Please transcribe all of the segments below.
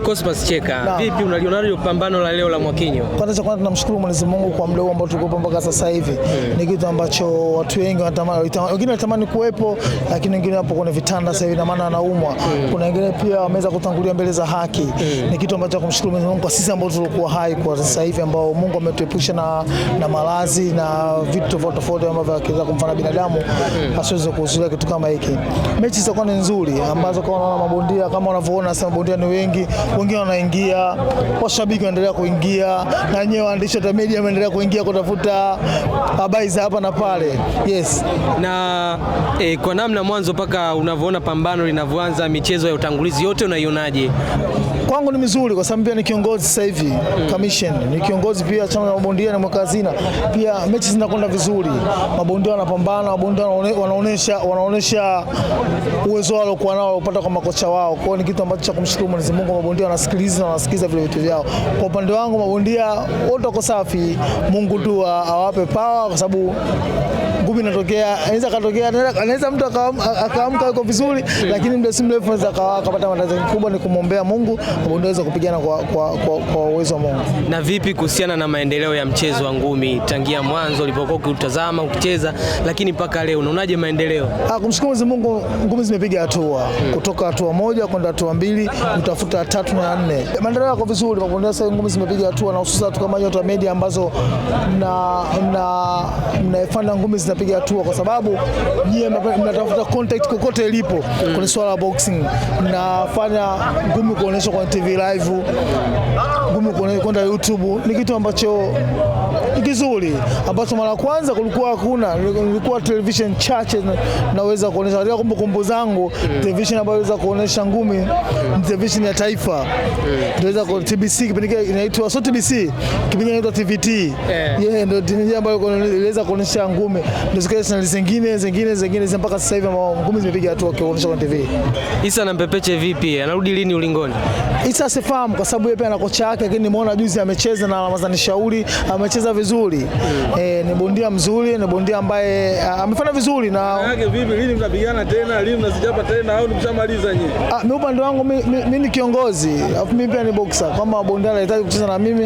Cosmas Cheka, vipi unaliona leo pambano la leo la Mwakinyo? Kwanza cha kwanza tunamshukuru Mwenyezi Mungu kwa muda ambao tulikuwa mpaka sasa hivi. Eh. Ni kitu ambacho watu wengi wanatamani, wengine wanatamani kuwepo, lakini wengine wapo kwenye vitanda sasa hivi na maana anaumwa. Eh. Kuna wengine pia wameweza kutangulia mbele za haki. Eh. Ni kitu ambacho tunamshukuru Mwenyezi Mungu kwa sisi ambao tulikuwa hai kwa sasa hivi ambao Mungu ametuepusha na na maradhi na vitu tofauti tofauti ambavyo vinaweza kumfanya binadamu asiweze kuhusika kitu kama hiki. Mechi zitakuwa ni nzuri ambazo kwa mabondia kama unavyoona sasa mabondia ni wengi wengine wanaingia, washabiki wanaendelea kuingia, na wenyewe waandishi wa media wanaendelea kuingia kutafuta habari za hapa na pale. Yes. Na e, kwa namna mwanzo mpaka unavyoona pambano linavyoanza, michezo ya utangulizi yote unaionaje? Kwangu ni mizuri kwa sababu pia ni kiongozi sasa hivi mm. Commission ni kiongozi pia chama cha mabondia na mweka hazina pia, mechi zinakwenda vizuri, mabondia wanapambana, mabondia wanaonesha wanaonesha uwezo wao kwa nao kupata kwa makocha wao, kwa hiyo ni kitu ambacho cha kumshukuru Mwenyezi Mungu mabondia wanasikiliza na wanasikiza vile vitu vyao. Kwa upande wangu mabondia wote wako safi, Mungu tu awape pawa, kwa sababu ngumi inatokea, anaweza katokea, anaweza mtu akaamka yuko vizuri, lakini muda si mrefu anaweza akawa akapata matatizo makubwa. Ni kumwombea Mungu mabondia aweze kupigana kwa kwa kwa kwa uwezo wa Mungu. Na vipi kuhusiana na maendeleo ya mchezo wa ngumi tangia mwanzo ulipokuwa ukitazama ukicheza, lakini mpaka leo unaonaje maendeleo? Ah, kumshukuru Mwenyezi Mungu, ngumi zimepiga hatua hmm. kutoka hatua moja kwenda hatua mbili, utafuta tatu na nne. Maendeleo yako vizuri kwa kuendelea, sasa ngumi zimepiga hatua na hususan tu kama Nyota media ambazo na na mnaifanya ngumi zinapiga hatua, kwa sababu nyie mnatafuta contact kokote ilipo mm. kwenye swala la boxing, mnafanya ngumi kuonesha kwa TV live, ngumi kuonesha kwenda YouTube, ni kitu ambacho ni kizuri ambacho mara kwanza kulikuwa hakuna, nilikuwa television chache naweza kuonesha katika kumbukumbu zangu mm. television ambayo inaweza kuonesha ngumi mm. television ya taifa taifa eh. tunaweza kwa TBC, kipindi kile inaitwa so TBC, kipindi inaitwa TVT, eh. yeye ndio timu ambayo inaweza kuonesha ngumi, ndio sana zingine zingine zingine mpaka sasa hivi ambao ngumi zimepiga hatua kuonesha kwa TV. Isa na Mpepeche vipi, anarudi lini ulingoni? Isa sifahamu kwa sababu yeye pia ana kocha yake, lakini nimeona juzi amecheza na Ramadhani Shauri, amecheza vizuri mm. Eh, ni bondia mzuri, ni bondia ambaye amefanya vizuri na yake. Vipi, lini mtapigana tena? Lini mnasijapa tena au mshamaliza nyinyi? Ah, mimi upande wangu mimi ni kiongozi kiongozi, alafu mimi pia ni boxer. Kama Bondala anahitaji kucheza na mimi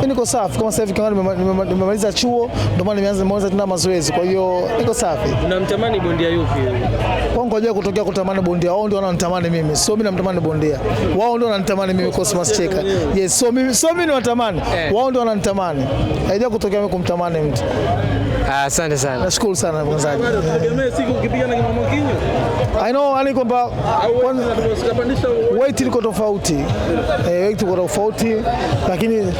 mimi niko safi. Kama sasa hivi kama nimemaliza chuo, ndio maana nimeanza nimeanza tena mazoezi, kwa hiyo niko safi. Unamtamani bondia yupi? Kwa nini hajawahi kutokea kutamani bondia, wao ndio wananitamani mimi, sio mimi namtamani bondia, wao ndio wananitamani mimi Cosmas Cheka. Yes, so mimi so mimi niwatamani, eh. wao ndio wananitamani, haijawahi kutokea mimi kumtamani mtu. Ah, asante uh, sana. Nashukuru sana mwanzaji. Tegemea siku ukipigana na I know, ani kwamba weight liko tofauti eh, rate kwa tofauti, lakini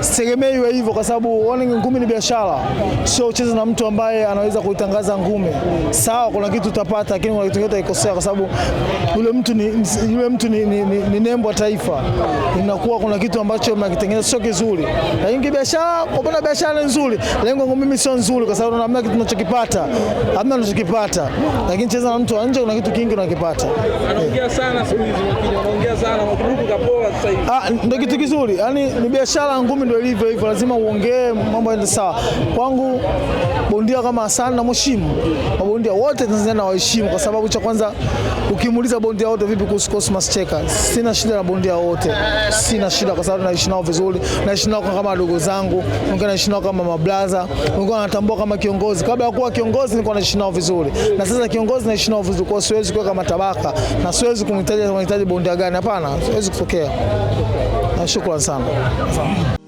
sitegemei iwe hivyo, kwa sababu warning ngumi ni biashara, sio ucheze na mtu ambaye anaweza kuitangaza ngumi. Sawa, kuna kitu utapata, lakini kuna kitu kingine utakosea, kwa sababu yule mtu ni, yule mtu ni, ni, ni, ni nembo ya taifa, inakuwa kuna kitu ambacho mnakitengeneza sio kizuri, lakini biashara, kwa sababu biashara ni nzuri. Lengo ngumi mimi sio nzuri, kwa sababu naamna kitu tunachokipata, hamna tunachokipata, lakini cheza na mtu wa nje, kuna kitu kingi unakipata. Anaongea sana siku hizi, lakini anaongea sana Ah, ndio kitu kizuri, yaani ni biashara ngumi, ndio ilivyo hivyo, lazima uongee mambo yaende sawa. Kwangu bondia kama Hassan na mheshimu mabondia wote Tanzania na waheshimu, kwa sababu cha kwanza ukimuuliza bondia wote vipi kuhusu Cosmas Cheka, sina shida na bondia wote, sina shida kwa sababu naishi nao vizuri, naishi nao kama ndugu zangu, wengine naishi nao kama mablaza, wengine wanatambua kama kiongozi. Kabla ya kuwa kiongozi nilikuwa naishi nao vizuri, na sasa kiongozi naishi nao vizuri, kwa siwezi kuweka matabaka na siwezi kumhitaji, kumhitaji bondia gani, hapana siwezi kupokea. Na shukrani sana.